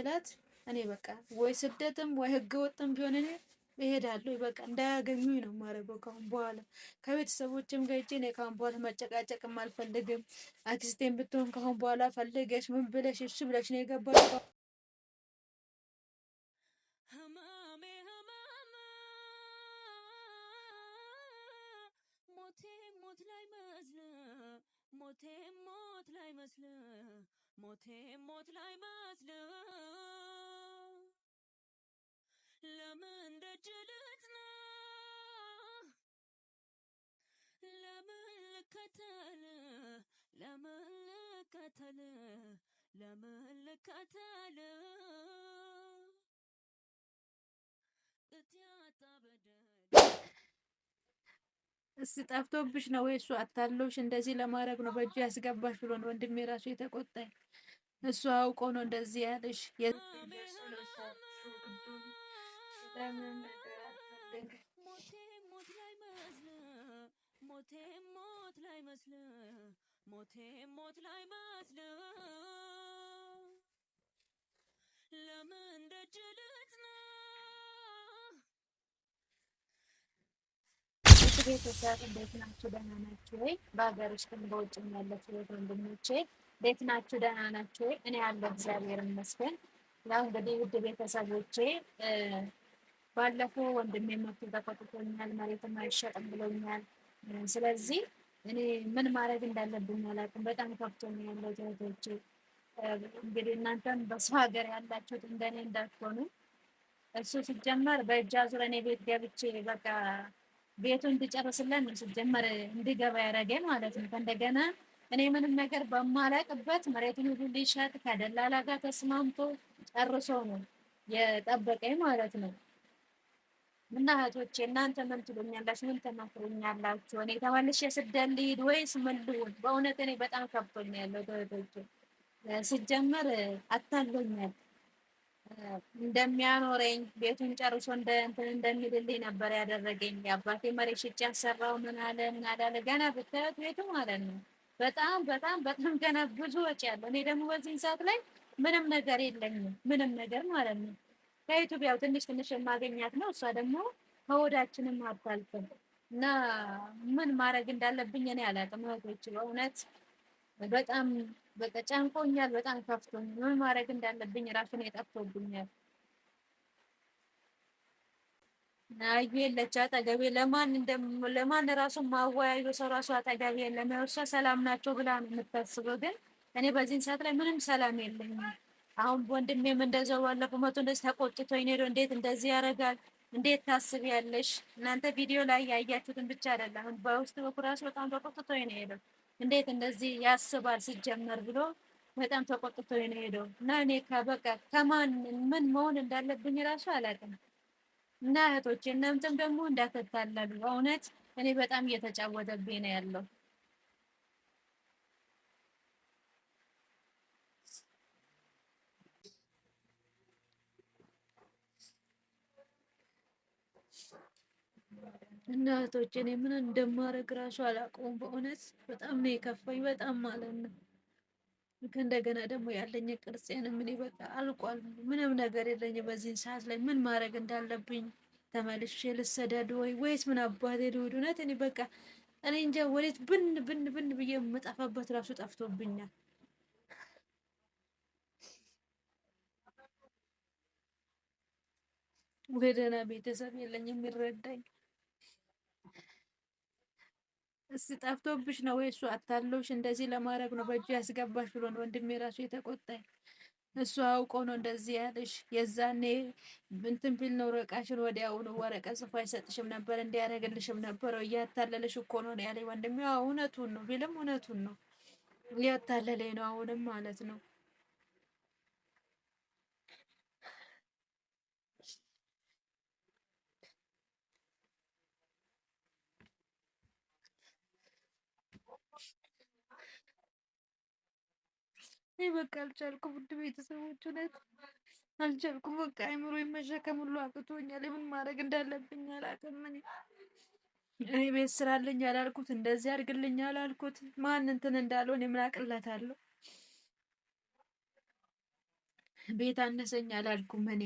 ስላት እኔ በቃ ወይ ስደትም ወይ ህገ ወጥም ቢሆን እኔ እሄዳለሁ በቃ እንዳያገኙኝ ነው የማደርገው። ካሁን በኋላ ከቤተሰቦችም ጋር ሂጅ። እኔ ካሁን በኋላ መጨቃጨቅም አልፈልግም። አክስቴን ብትሆን ካሁን በኋላ ፈልገሽ ምን ብለሽ እሺ ብለሽ ነው የገባሽው። ሞቴ ሞት ላይ መስለ ሞቴ ሞት ላይ መስለ ሞቴ ሞት ላይ መስለው ለምን ደጅ ልጥና ለምን ልከተል ለምን ልከተል ለምን ልከተል እስ ጠፍቶብሽ ነው ወይ? እሱ አታለውሽ እንደዚህ ለማድረግ ነው በእጁ ያስገባሽ ብሎ ነው ወንድሜ ራሱ የተቆጣኝ። እሱ አውቆ ነው እንደዚህ ያለሽ። ቤተሰብ እንዴት ናችሁ? ደህና ናችሁ ወይ? በሀገር ውስጥም በውጭም ያላችሁ ወንድሞቼ እንዴት ናችሁ? ደህና ናችሁ? እኔ ያለው እግዚአብሔር ይመስገን። ያው እንግዲህ ውድ ቤተሰቦቼ ባለፈው ወንድሜ መቶ ተቆጥቶኛል፣ መሬትም አይሸጥም ብሎኛል። ስለዚህ እኔ ምን ማድረግ እንዳለብኝ አላውቅም። በጣም ከፍቶኛ ያለው እህቶቼ፣ እንግዲህ እናንተም በሰው ሀገር ያላችሁት እንደኔ እንዳትሆኑ። እሱ ሲጀመር በእጃ ዙር እኔ ቤት ገብቼ በቃ ቤቱ እንድጨርስለን ሲጀመር እንድገባ ያደረገ ማለት ነው ከእንደገና እኔ ምንም ነገር በማላቅበት መሬቱን ሁሉ ሊሸጥ ከደላላ ጋር ተስማምቶ ጨርሶ ነው የጠበቀኝ ማለት ነው። እና እህቶቼ እናንተ ምን ትሉኛላችሁ? ምን ተመክሩኛላችሁ? እኔ ተመልሼ ስደል ልሂድ ወይስ ምን ልሁን? በእውነት እኔ በጣም ያለው እህቶቼ ስጀመር አታሎኛል። እንደሚያኖረኝ ቤቱን ጨርሶ እንደሚልልኝ ነበር ያደረገኝ። አባቴ መሬት ሽጭ ያሰራው ምን አለ ምን አላለ ገና ብታዩት ቤቱ ማለት ነው በጣም በጣም በጣም ገና ብዙ ወጪ ያለው። እኔ ደግሞ በዚህን ሰዓት ላይ ምንም ነገር የለኝም፣ ምንም ነገር ማለት ነው። ከዩቱብ ያው ትንሽ ትንሽ የማገኛት ነው። እሷ ደግሞ ከወዳችንም አታልፍም እና ምን ማድረግ እንዳለብኝ እኔ አላውቅም። እህቶች በእውነት በጣም በቃ ጨንቆኛል፣ በጣም ከፍቶኛል። ምን ማድረግ እንዳለብኝ ራሱን የጠፍቶብኛል። አዩ የለች አጠገቤ። ለማን ለማን ራሱ ማወያዩ ሰው ራሱ አጠገቤ የለም። እሷ ሰላም ናቸው ብላ ነው የምታስበው፣ ግን እኔ በዚህን ሰዓት ላይ ምንም ሰላም የለኝም። አሁን ወንድሜም እንደዛው ባለፈው መቶ እንደዚህ ተቆጥቶ ሄዶ እንዴት እንደዚህ ያደርጋል እንዴት ታስቢያለሽ? እናንተ ቪዲዮ ላይ ያያችሁትን ብቻ አይደለም፣ አሁን በውስጥ በኩል ራሱ በጣም ተቆጥቶ ነው እንዴት እንደዚህ ያስባል ሲጀመር ብሎ በጣም ተቆጥቶ ነው እና እኔ በቃ ከማን ምን መሆን እንዳለብኝ ራሱ አላውቅም። እና እህቶቼ እናንተም ደግሞ እንዳትታለሉ። በእውነት እኔ በጣም እየተጫወተብኝ ነው ያለው። እና እኔ ምን እንደማደርግ እራሱ አላውቀውም። በእውነት በጣም ነው የከፋኝ፣ በጣም ማለት ነው። እንደገና ደግሞ ያለኝ ቅርጼን ምን በቃ አልቋል። ምንም ነገር የለኝም። በዚህን ሰዓት ላይ ምን ማድረግ እንዳለብኝ ተመልሼ ልሰደድ ወይ ወይስ ምን አባቴ ልውድ? እውነት እኔ በቃ እኔ እንጃ ወዴት ብን ብን ብን ብዬ የምጠፋበት ራሱ ጠፍቶብኛል። ወደና ቤተሰብ የለኝ የሚረዳኝ እስኪ ጠፍቶብሽ ነው ወይ እሱ አታለውሽ እንደዚህ ለማድረግ ነው በእጁ ያስገባሽ ብሎ ወንድሜ ራሱ የተቆጣኝ። እሱ አውቆ ነው እንደዚህ ያለሽ። የዛኔ እንትን ቢል ኖሮ ዕቃሽን ወዲያውኑ ወረቀት ጽፎ አይሰጥሽም ነበር፣ እንዲያደርግልሽም ነበረው። እያታለለሽ እኮ ነው ያለኝ ወንድሜ። እውነቱን ነው ቢልም እውነቱን ነው፣ እያታለለኝ ነው አሁንም ማለት ነው። እኔ በቃ አልቻልኩም። ውድ ቤተሰቦች እውነት አልቻልኩም። በቃ አይምሮ መሸከም ሁሉ አቅቶኛል። ምን ማድረግ እንዳለብኝ አላውቅም። እኔ ቤት ስራ ያላልኩት አላልኩት፣ እንደዚህ አድርግልኝ አላልኩት። ማን እንትን እንዳለውን የምን አለው ቤት አነሰኝ አላልኩም እኔ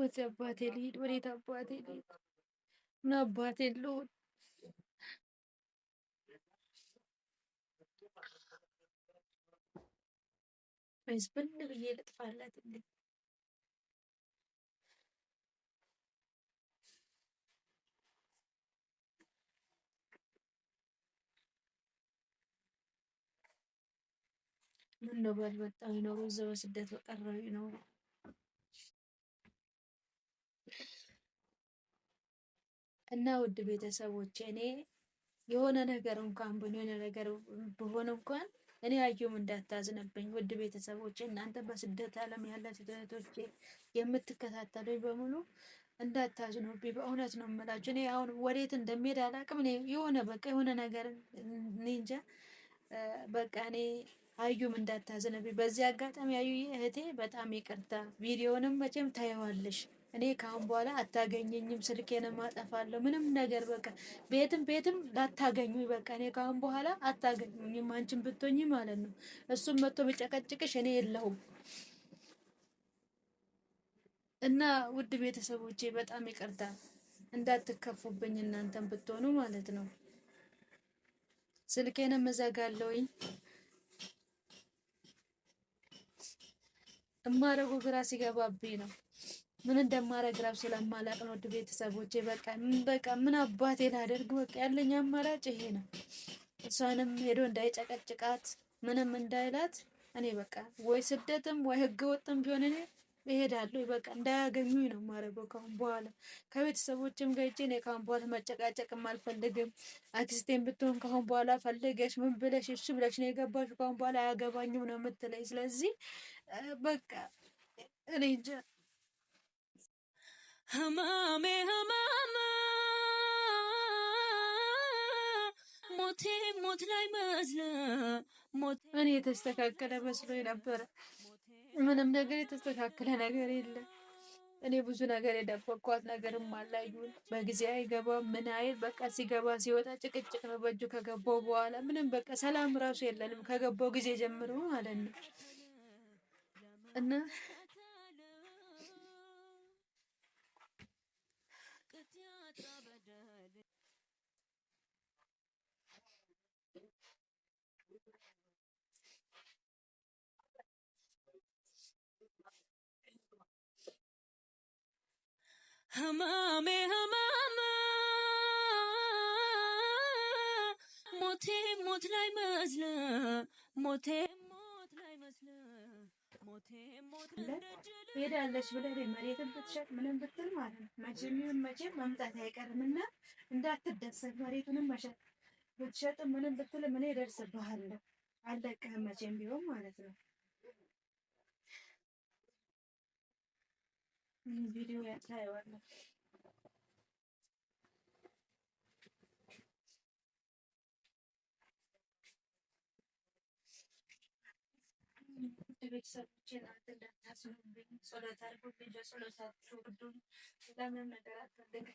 ወደ አባቴ ልሂድ፣ ወዴት አባቴ ልሂድ? ምን አባቴ ልሁን? ወይስ ብን ብዬ ልጥፋላት? እንዴ ምን ነው ባልመጣ ይኖሩ እዛ በስደት በቀረው ይኖሩ እና ውድ ቤተሰቦች እኔ የሆነ ነገር እንኳን የሆነ ነገር ብሆን እንኳን እኔ አየሁም እንዳታዝነብኝ ውድ ቤተሰቦች እናንተ በስደት ዓለም ያላችሁ እህቶቼ የምትከታተሉኝ በሙሉ እንዳታዝኑብኝ በእውነት ነው የምላችሁ። እኔ አሁን ወዴት እንደሚሄድ አላቅም። እኔ የሆነ በቃ የሆነ ነገር እንጃ በቃ እኔ አዩም እንዳታዝንብኝ። በዚህ አጋጣሚ አዩ እህቴ በጣም ይቅርታ። ቪዲዮንም መቼም ታየዋለሽ እኔ ከአሁን በኋላ አታገኘኝም፣ ስልኬን ማጠፋለሁ፣ ምንም ነገር በቃ ቤትም ቤትም ላታገኙ በቃ እኔ ከአሁን በኋላ አታገኙኝም፣ አንቺን ብትሆኝ ማለት ነው። እሱም መጥቶ ብጨቀጭቅሽ እኔ የለሁም። እና ውድ ቤተሰቦቼ በጣም ይቅርታ እንዳትከፉብኝ፣ እናንተን ብትሆኑ ማለት ነው። ስልኬን እዘጋለሁኝ። እማረጉ ግራ ሲገባብኝ ነው። ምን እንደማረግ ራብ ስለማላቅ ነው። ውድ ቤተሰቦቼ በቃ በቃ ምን አባቴ ላደርግ፣ በቃ ያለኝ አማራጭ ይሄ ነው። እሷንም ሄዶ እንዳይጨቀጭቃት ምንም እንዳይላት እኔ በቃ ወይ ስደትም ወይ ህገ ወጥም ቢሆን እኔ እሄዳለሁ። በቃ እንዳያገኙኝ ነው የማደርገው። ካሁን በኋላ ከቤተሰቦችም ጋር ሂጅ። እኔ ካሁን በኋላ መጨቃጨቅም አልፈልግም። አክስቴን ብትሆን ካሁን በኋላ ፈልገሽ ምን ብለሽ እሺ ብለሽ ነው የገባሽ። ካሁን በኋላ አያገባኝም ነው የምትለኝ። ስለዚህ በቃ እኔ እንጃ हमामे हमामा ሞቴ እኔ የተስተካከለ መስሎ ነበረ። ምንም ነገር የተስተካከለ ነገር የለም። እኔ ብዙ ነገር የደበኳት ነገርም አላዩን። በጊዜ አይገባም ምን አይል በቃ ሲገባ ሲወጣ ጭቅጭቅ ነው። በእጁ ከገባው በኋላ ምንም በቃ ሰላም ራሱ የለንም ከገባው ጊዜ ጀምሮ ማለት ነው እና hamaame hamaama ሞቴ ሞት ላይ መስለ ሞቴ ሞት ላይ መስለ ሞቴ ሞት ሄዳለች ብለህ መሬትን ብትሸጥ ምንም ብትል ማለት ነው መቼም ይሁን መቼም መምጣት አይቀርምና እንዳትደሰት መሬቱንም መሸጥ ብትሸጥ ምንም ብትል ምን እደርስብሃለሁ። አልለቅህም መቼም ቢሆን ማለት ነው። ቪዲዮ ያታየዋለሁ። ቤተሰቦችን አንተ እንዳታስብብኝ ጸሎት አድርጉልኝ። በጸሎታችሁ እርዱኝ። ለምንም ነገር